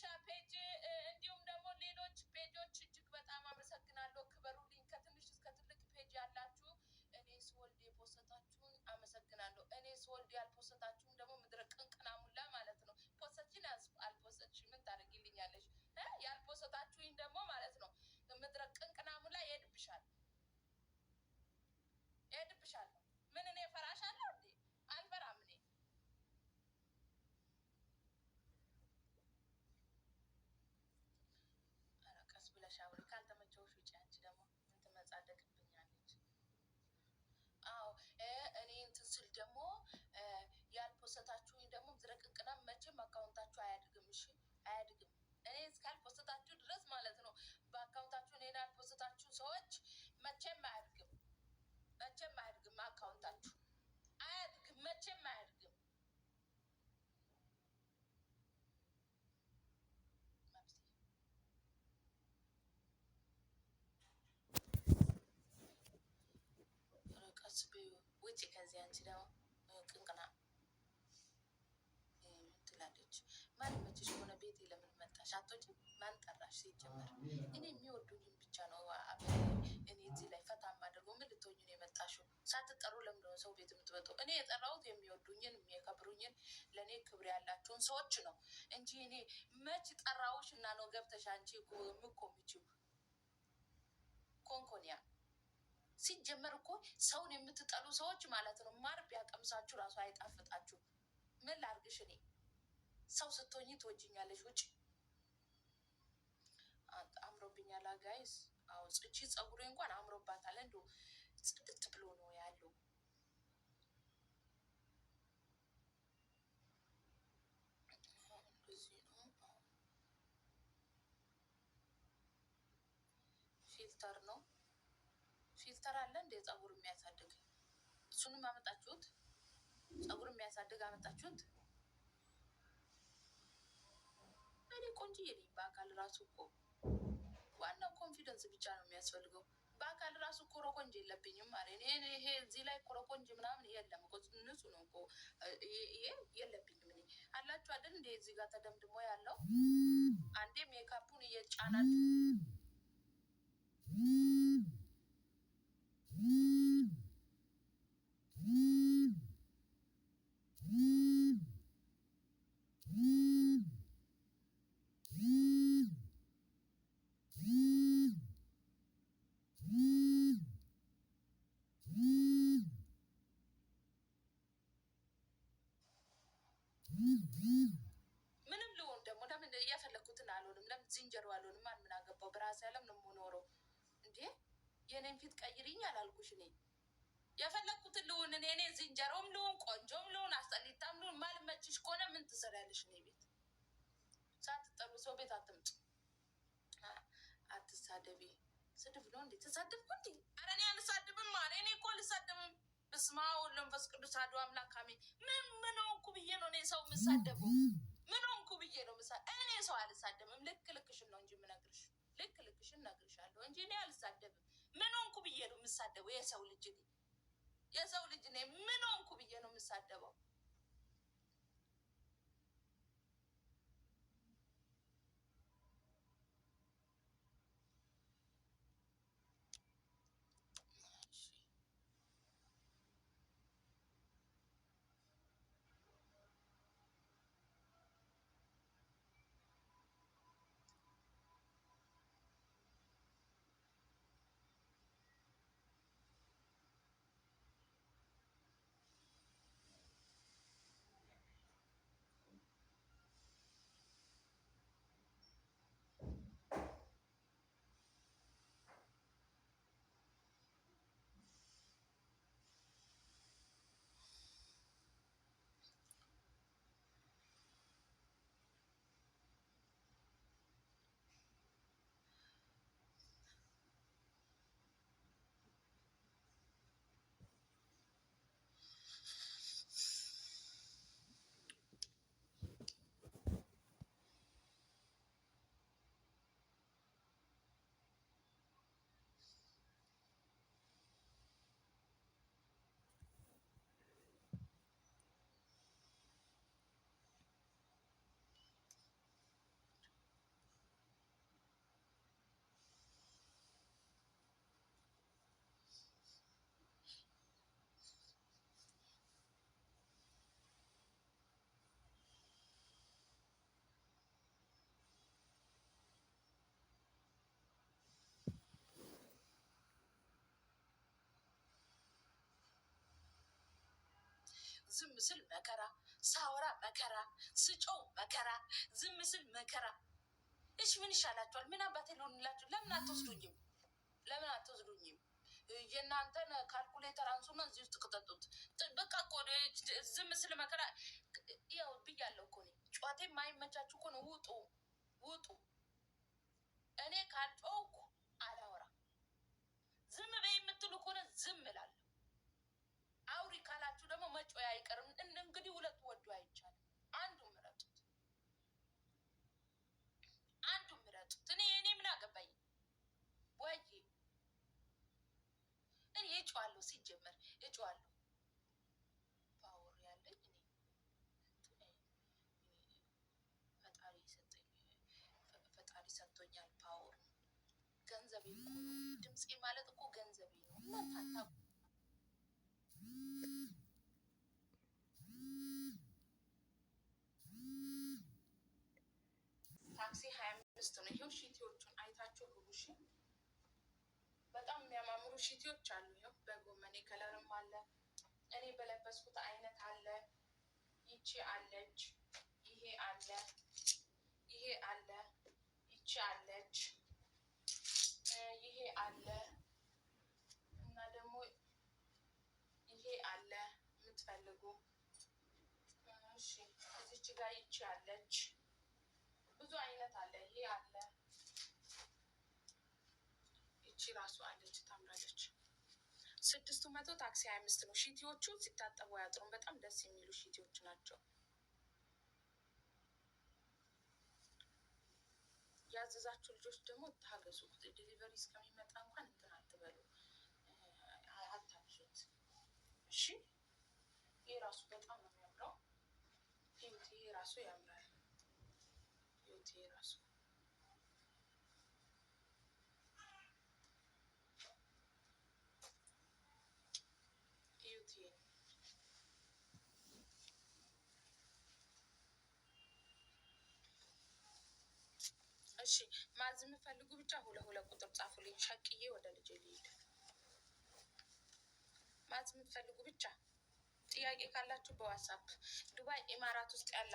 የውሻ ፔጅ እንዲሁም ደግሞ ሌሎች ፔጆች እጅግ በጣም አመሰግናለሁ። ክበሩልኝ። ከትንሽ እስከ ትልቅ ፔጅ ያላችሁ እኔ ስወልድ የፖሰታችሁን አመሰግናለሁ። እኔ ስወልድ ውጭ ከዚህ አንቺ ደግሞ ቅንቅና ትላለች። ማንመችሽ ሆነ ቤቴ ለምን መጣሽ? አቶች ማን ጠራሽ? ሲጀመር እኔ የሚወዱኝም ብቻ ነው። እኔ እዚህ ላይ ፈታ ማደርገው ምን ልትሆኝ ነው የመጣሽው? ሳትጠሩ ለምንድነው ሰው ቤት የምትመጡ? እኔ የጠራሁት የሚወዱኝን የሚያከብሩኝን ለእኔ ክብር ያላቸውን ሰዎች ነው እንጂ እኔ መች ጠራሁሽ እና ነው ገብተሽ አንቺ ምኮ ምችው ኮንኮንያ ሲጀመር እኮ ሰውን የምትጠሉ ሰዎች ማለት ነው ማር ቢያቀምሳችሁ ራሱ አይጣፍጣችሁ። ምን ላርግሽ እኔ ሰው ስትሆኝ ትወጅኛለች። ውጭ አምሮብኛል ጋይስ። አዎ እቺ እንኳን አምሮባታል። እንዶ ጽድት ብሎ ነው ያለው። ፊልተር አለ እንደ ፀጉር የሚያሳድግ እሱንም አመጣችሁት። ፀጉር የሚያሳድግ አመጣችሁት። እኔ ቆንጅዬ ነኝ። በአካል ራሱ እኮ ዋናው ኮንፊደንስ ብቻ ነው የሚያስፈልገው። በአካል ራሱ እኮ ሮቆንጅ የለብኝም። አ ይሄ እዚህ ላይ ሮቆንጅ ምናምን የለም እኮ ንጹ ነው እኮ ይሄ የለብኝም። እኔ አላችሁ አይደል እንደ እዚህ ጋር ተደምድሞ ያለው አንዴ ሜካፑን እየጫናል ምንም ልሆን ደግሞ ለምን እያፈለግኩትን አልሆንም? ለምን ዝንጀሮ አልሆንም? ማን ምን አገባው? በራሴ ዓለም ነው የምኖረው እንዴ የኔን ፊት ቀይሪኝ አላልኩሽ። እኔ የፈለግኩትን ልሁን። እኔ እኔ ዝንጀሮም ልሁን፣ ቆንጆም ልሁን፣ አስጠሊታም ልሁን። ማልመችሽ ከሆነ ምን ትሰሪያለሽ? እኔ ቤት ሳትጠሩ ሰው ቤት አትምጭ፣ አትሳደቢ። ስድብ ነው እንዴ? ተሳደብኩ እንዴ? ኧረ እኔ አልሳድብም። ኧረ እኔ እኮ አልሳድብም። በስመ አብ ወወልድ ወመንፈስ ቅዱስ አሐዱ አምላክ አሜን። ምን ምን ሆንኩ ብዬ ነው እኔ ሰው የምሳደበው? ምን ሆንኩ ብዬ ነው ምሳ እኔ ሰው አልሳደብም። ልክ ልክሽን ነው እንጂ የምነግርሽ ልክ ልክሽን እነግርሻለሁ እንጂ እኔ አልሳደብም። ምን ሆንኩ ብዬ ነው የምሳደበው? የሰው ልጅ የሰው ልጅ ምን ሆንኩ ብዬ ነው የምሳደበው? ዝም ስል መከራ፣ ሳወራ መከራ፣ ስጮው መከራ፣ ዝም ስል መከራ። እሺ ምን ይሻላችኋል? ምን አባቴ ልሆንላችሁ? ለምን አትወስዱኝም? ለምን አትወስዱኝም? የእናንተን ካልኩሌተር አንሱና እዚህ ውስጥ ቅጠጡት። በቃ እኮ ዝም ስል መከራ። ያው ብያለሁ እኮ እኔ ጨዋታ የማይመቻችሁ እኮ ነው። ውጡ ውጡ። እኔ ካልጮውኩ አላወራም። ዝም በይ የምትሉ ከሆነ ዝም እላለሁ። ከዚህ ሁለቱ ወዱ አይቻልም። አንዱ ምረጡት፣ አንዱ ምረጡት። እኔ እኔ ምን አገባኝ ወይ እኔ እጩዋለሁ፣ ሲጀመር እጩዋለሁ። ፓወር ያለኝ ሰጥቶኛል ፓወር። ገንዘቤ ድምፄ ማለት እኮ ገንዘቤ ነው። ስድስት ነው። ይሄው ሺቲዎቹን አይታችሁ ሁሉ በጣም የሚያማምሩ ሽቲዎች አሉ። ይኸው በጎመኔ ከለርም አለ፣ እኔ በለበስኩት አይነት አለ፣ ይቺ አለች፣ ይሄ አለ፣ ይሄ አለ፣ ይቺ አለች፣ ይሄ አለ እና ደግሞ ይሄ አለ የምትፈልጉ እሺ። እዚች ጋር ይቺ አለች ብዙ አይነት አለ። ይሄ አለ። ይቺ ራሱ አለች፣ ታምራለች። ስድስቱ መቶ ታክሲ ሀያ አምስት ነው። ሺቲዎቹ ሲታጠቡ አያጥሩም። በጣም ደስ የሚሉ ሺቲዎች ናቸው። ያዘዛችሁ ልጆች ደግሞ ታገዙ። ዲሊቨሪ እስከሚመጣ እንኳን እንትን አትበሉ፣ አታብዙት። እሺ ይህ ራሱ በጣም ነው የሚያምረው። ይህ ራሱ ያምራል። ጸሎት ይሄ ራሱ እሺ ማዝ የምፈልጉ ብቻ ሁለት ሁለት ቁጥር ጻፉልኝ። ሸቅዬ ወደ ልጅ ልሄድ ማዝ የምትፈልጉ ብቻ ጥያቄ ካላችሁ በዋትሳፕ ዱባይ ኢማራት ውስጥ ያለ